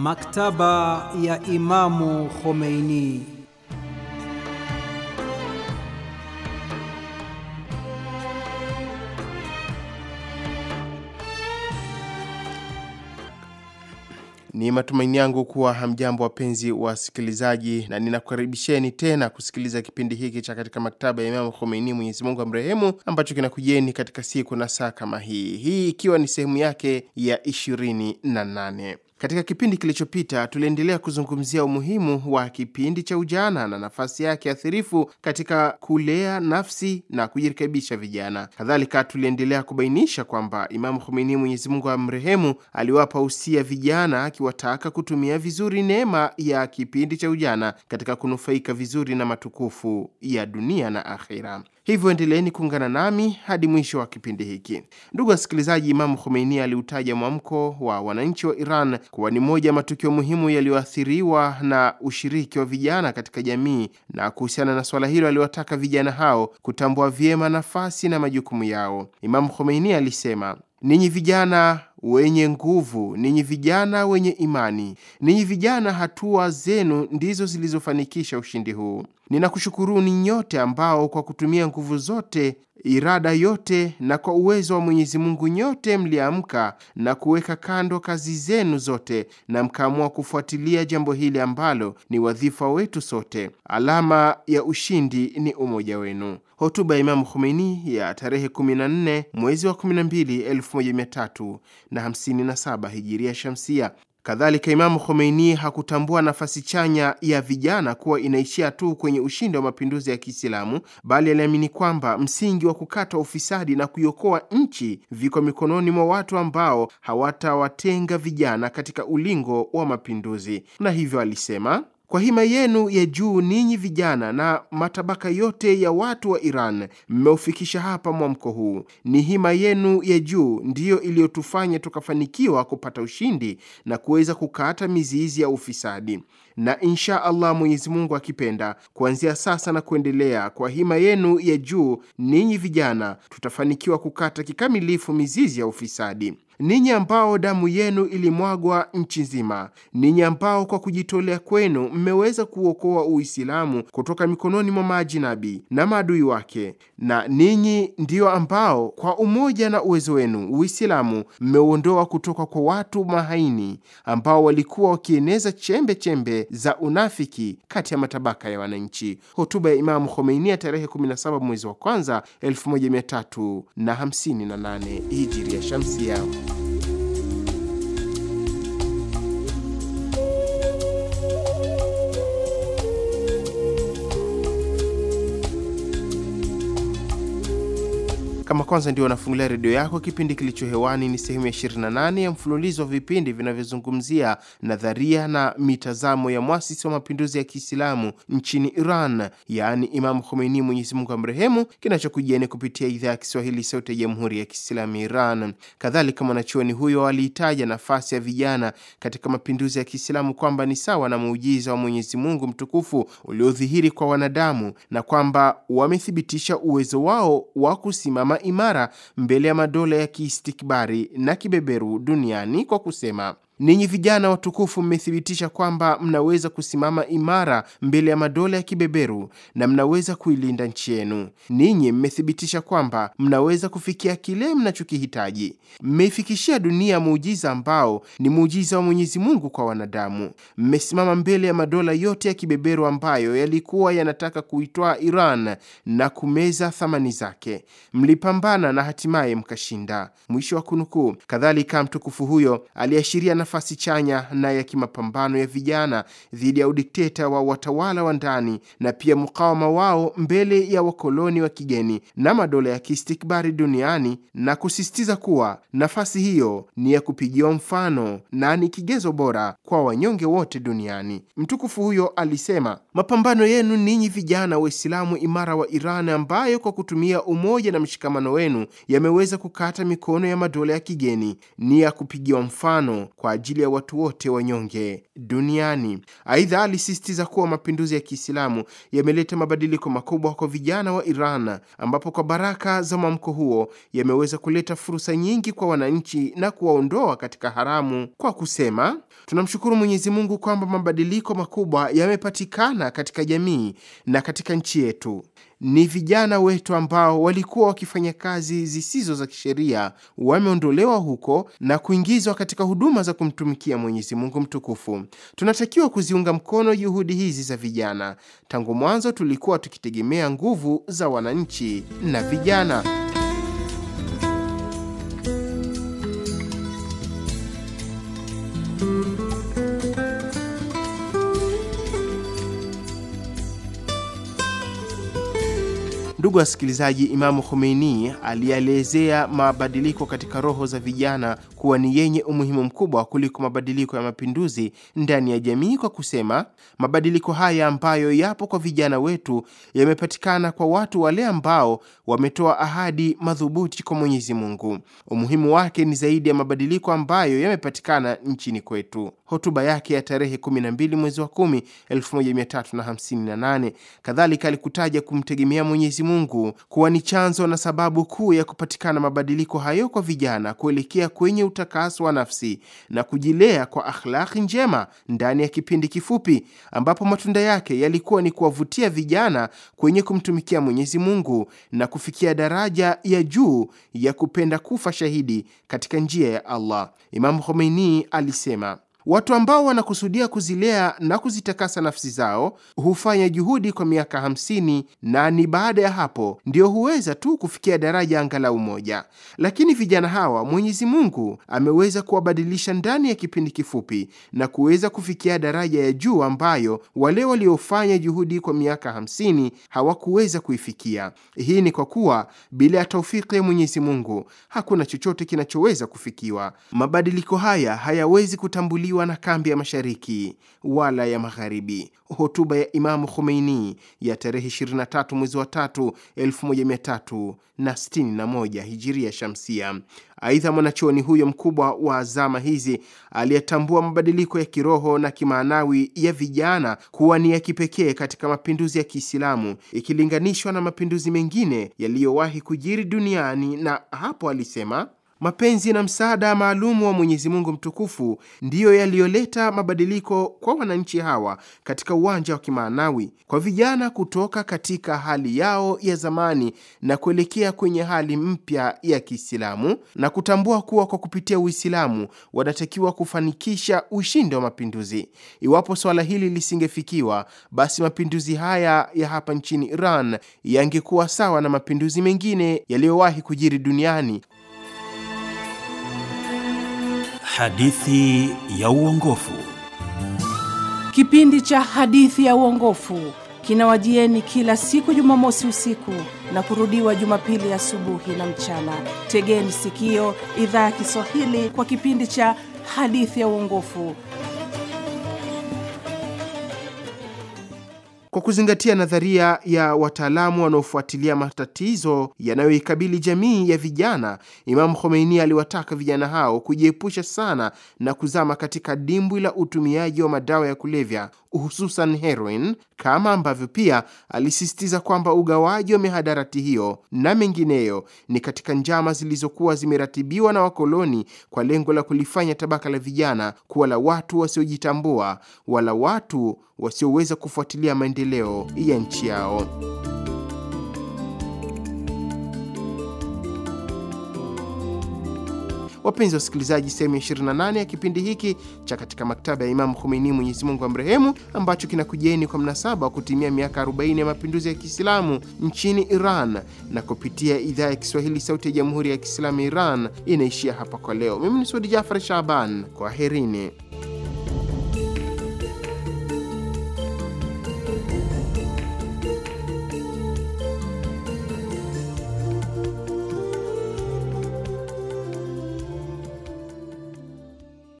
Maktaba ya Imamu Khomeini. Ni matumaini yangu kuwa hamjambo wapenzi wasikilizaji, na ninakukaribisheni tena kusikiliza kipindi hiki cha katika maktaba ya Imamu Khomeini, Mwenyezi Mungu amrehemu, ambacho kinakujeni katika siku na saa kama hii hii, ikiwa ni sehemu yake ya 28. Katika kipindi kilichopita tuliendelea kuzungumzia umuhimu wa kipindi cha ujana na nafasi yake athirifu katika kulea nafsi na kujirekebisha vijana. Kadhalika, tuliendelea kubainisha kwamba Imamu Khomeini, Mwenyezi Mungu amrehemu, aliwapa usia vijana akiwataka kutumia vizuri neema ya kipindi cha ujana katika kunufaika vizuri na matukufu ya dunia na akhira. Hivyo endeleeni kuungana nami hadi mwisho wa kipindi hiki. Ndugu wasikilizaji, Imamu Khomeini aliutaja mwamko wa wananchi wa Iran kuwa ni moja ya matukio muhimu yaliyoathiriwa na ushiriki wa vijana katika jamii, na kuhusiana na swala hilo aliwataka vijana hao kutambua vyema nafasi na majukumu yao. Imamu Khomeini alisema, ninyi vijana wenye nguvu, ninyi vijana wenye imani, ninyi vijana, hatua zenu ndizo zilizofanikisha ushindi huu. Ninakushukuruni nyote ambao kwa kutumia nguvu zote, irada yote na kwa uwezo wa Mwenyezi Mungu nyote mliamka na kuweka kando kazi zenu zote na mkaamua kufuatilia jambo hili ambalo ni wadhifa wetu sote. Alama ya ushindi ni umoja wenu. Hotuba ya Imamu Khomeini ya tarehe 14 mwezi wa 12 1300 na 57 hijiria shamsia. Kadhalika, Imamu Khomeini hakutambua nafasi chanya ya vijana kuwa inaishia tu kwenye ushindi wa mapinduzi ya Kiislamu, bali aliamini kwamba msingi wa kukata ufisadi na kuiokoa nchi viko mikononi mwa watu ambao hawatawatenga vijana katika ulingo wa mapinduzi, na hivyo alisema kwa hima yenu ya juu ninyi vijana na matabaka yote ya watu wa Iran mmeufikisha hapa mwamko huu. Ni hima yenu ya juu ndiyo iliyotufanya tukafanikiwa kupata ushindi na kuweza kukata mizizi ya ufisadi. Na insha Allah, Mwenyezi Mungu akipenda, kuanzia sasa na kuendelea, kwa hima yenu ya juu ninyi vijana, tutafanikiwa kukata kikamilifu mizizi ya ufisadi ninyi ambao damu yenu ilimwagwa nchi nzima, ninyi ambao kwa kujitolea kwenu mmeweza kuokoa Uislamu kutoka mikononi mwa maajinabi na maadui wake, na ninyi ndiyo ambao kwa umoja na uwezo wenu Uislamu mmeuondoa kutoka kwa watu mahaini ambao walikuwa wakieneza chembe chembe za unafiki kati ya matabaka ya wananchi. Hotuba ya Imamu Khomeini ya tarehe 17 mwezi wa kwanza 1358 Hijiri ya yao. Kama kwanza ndio wanafungulia redio yako, kipindi kilicho hewani ni sehemu ya 28 ya mfululizo wa vipindi vinavyozungumzia nadharia na mitazamo ya mwasisi wa mapinduzi ya Kiislamu nchini Iran, yaani Imam Khomeini, Mwenyezi Mungu amrehemu, kinachokujieni kupitia idhaa ya Kiswahili Sauti ya Jamhuri ya Kiislamu ya Iran. Kadhalika, mwanachuoni huyo aliitaja nafasi ya vijana katika mapinduzi ya Kiislamu kwamba ni sawa na muujiza wa Mwenyezi Mungu mtukufu uliodhihiri kwa wanadamu na kwamba wamethibitisha uwezo wao wa kusimama imara mbele ya madola ya kiistikbari na kibeberu duniani kwa kusema Ninyi vijana watukufu, mmethibitisha kwamba mnaweza kusimama imara mbele ya madola ya kibeberu na mnaweza kuilinda nchi yenu. Ninyi mmethibitisha kwamba mnaweza kufikia kile mnachokihitaji. Mmeifikishia dunia muujiza ambao ni muujiza wa Mwenyezi Mungu kwa wanadamu. Mmesimama mbele ya madola yote ya kibeberu ambayo yalikuwa yanataka kuitwaa Iran na kumeza thamani zake. Mlipambana na hatimaye mkashinda. Mwisho wa kunukuu. Kadhalika mtukufu huyo aliashiria nafasi chanya na ya kimapambano ya vijana dhidi ya udikteta wa watawala wa ndani na pia mukawama wao mbele ya wakoloni wa kigeni na madola ya kiistikbari duniani na kusisitiza kuwa nafasi hiyo ni ya kupigiwa mfano na ni kigezo bora kwa wanyonge wote duniani. Mtukufu huyo alisema, mapambano yenu ninyi vijana Waislamu imara wa Iran, ambayo kwa kutumia umoja na mshikamano wenu yameweza kukata mikono ya madola ya kigeni, ni ya kupigiwa mfano kwa ajili ya watu wote wanyonge duniani. Aidha, alisisitiza kuwa mapinduzi ya Kiislamu yameleta mabadiliko makubwa kwa vijana wa Iran, ambapo kwa baraka za mwamko huo yameweza kuleta fursa nyingi kwa wananchi na kuwaondoa katika haramu, kwa kusema, tunamshukuru Mwenyezi Mungu kwamba mabadiliko makubwa yamepatikana katika jamii na katika nchi yetu ni vijana wetu ambao walikuwa wakifanya kazi zisizo za kisheria wameondolewa huko na kuingizwa katika huduma za kumtumikia Mwenyezi Mungu mtukufu. Tunatakiwa kuziunga mkono juhudi hizi za vijana. Tangu mwanzo tulikuwa tukitegemea nguvu za wananchi na vijana. Ndugu wasikilizaji, Imamu Khomeini alielezea mabadiliko katika roho za vijana kuwa ni yenye umuhimu mkubwa kuliko mabadiliko ya mapinduzi ndani ya jamii kwa kusema, mabadiliko haya ambayo yapo kwa vijana wetu yamepatikana kwa watu wale ambao wametoa ahadi madhubuti kwa Mwenyezi Mungu. Umuhimu wake ni zaidi ya mabadiliko ambayo yamepatikana nchini kwetu. Hotuba yake ya tarehe 12 mwezi wa 10 1358 kadhalika alikutaja kumtegemea Mwenyezi Mungu Mungu kuwa ni chanzo na sababu kuu ya kupatikana mabadiliko hayo kwa vijana kuelekea kwenye utakaso wa nafsi na kujilea kwa akhlaki njema ndani ya kipindi kifupi, ambapo matunda yake yalikuwa ni kuwavutia vijana kwenye kumtumikia Mwenyezi Mungu na kufikia daraja ya juu ya kupenda kufa shahidi katika njia ya Allah. Imamu Khomeini alisema: Watu ambao wanakusudia kuzilea na kuzitakasa nafsi zao hufanya juhudi kwa miaka hamsini na ni baada ya hapo ndio huweza tu kufikia daraja angalau moja. Lakini vijana hawa Mwenyezi Mungu ameweza kuwabadilisha ndani ya kipindi kifupi na kuweza kufikia daraja ya juu ambayo wale waliofanya juhudi kwa miaka hamsini hawakuweza kuifikia. Hii ni kwa kuwa bila ya taufiki ya Mwenyezi Mungu hakuna chochote kinachoweza kufikiwa. Mabadiliko haya hayawezi kutambuliwa kuchukuliwa na kambi ya mashariki wala ya magharibi. Hotuba ya Imamu Khomeini ya tarehe 23 mwezi wa tatu 1361 hijiria shamsia. Aidha, mwanachuoni huyo mkubwa wa zama hizi aliyetambua mabadiliko ya kiroho na kimaanawi ya vijana kuwa ni ya kipekee katika mapinduzi ya Kiislamu ikilinganishwa na mapinduzi mengine yaliyowahi kujiri duniani, na hapo alisema mapenzi na msaada maalumu wa Mwenyezi Mungu mtukufu ndiyo yaliyoleta mabadiliko kwa wananchi hawa katika uwanja wa kimaanawi, kwa vijana kutoka katika hali yao ya zamani na kuelekea kwenye hali mpya ya Kiislamu na kutambua kuwa kwa kupitia Uislamu wanatakiwa kufanikisha ushindi wa mapinduzi. Iwapo swala hili lisingefikiwa, basi mapinduzi haya ya hapa nchini Iran yangekuwa sawa na mapinduzi mengine yaliyowahi kujiri duniani. Hadithi ya Uongofu. Kipindi cha Hadithi ya Uongofu kinawajieni kila siku Jumamosi usiku na kurudiwa Jumapili asubuhi na mchana. Tegeni sikio idhaa ya Kiswahili kwa kipindi cha Hadithi ya Uongofu Kwa kuzingatia nadharia ya wataalamu wanaofuatilia matatizo yanayoikabili jamii ya vijana, Imamu Khomeini aliwataka vijana hao kujiepusha sana na kuzama katika dimbwi la utumiaji wa madawa ya kulevya hususan heroin, kama ambavyo pia alisisitiza kwamba ugawaji wa mihadarati hiyo na mengineyo ni katika njama zilizokuwa zimeratibiwa na wakoloni kwa lengo la kulifanya tabaka la vijana kuwa la watu wasiojitambua wala watu wasioweza kufuatilia maendeleo ya nchi yao. Wapenzi wa wasikilizaji, sehemu ya 28 ya kipindi hiki cha katika maktaba ya Imamu Khomeini, Mwenyezi Mungu amrehemu, ambacho kinakujeni kwa mnasaba wa kutimia miaka 40 ya mapinduzi ya Kiislamu nchini Iran na kupitia idhaa ya Kiswahili Sauti ya Jamhuri ya Kiislamu Iran inaishia hapa kwa leo. Mimi ni Saudi Jafar Shaban, kwaherini.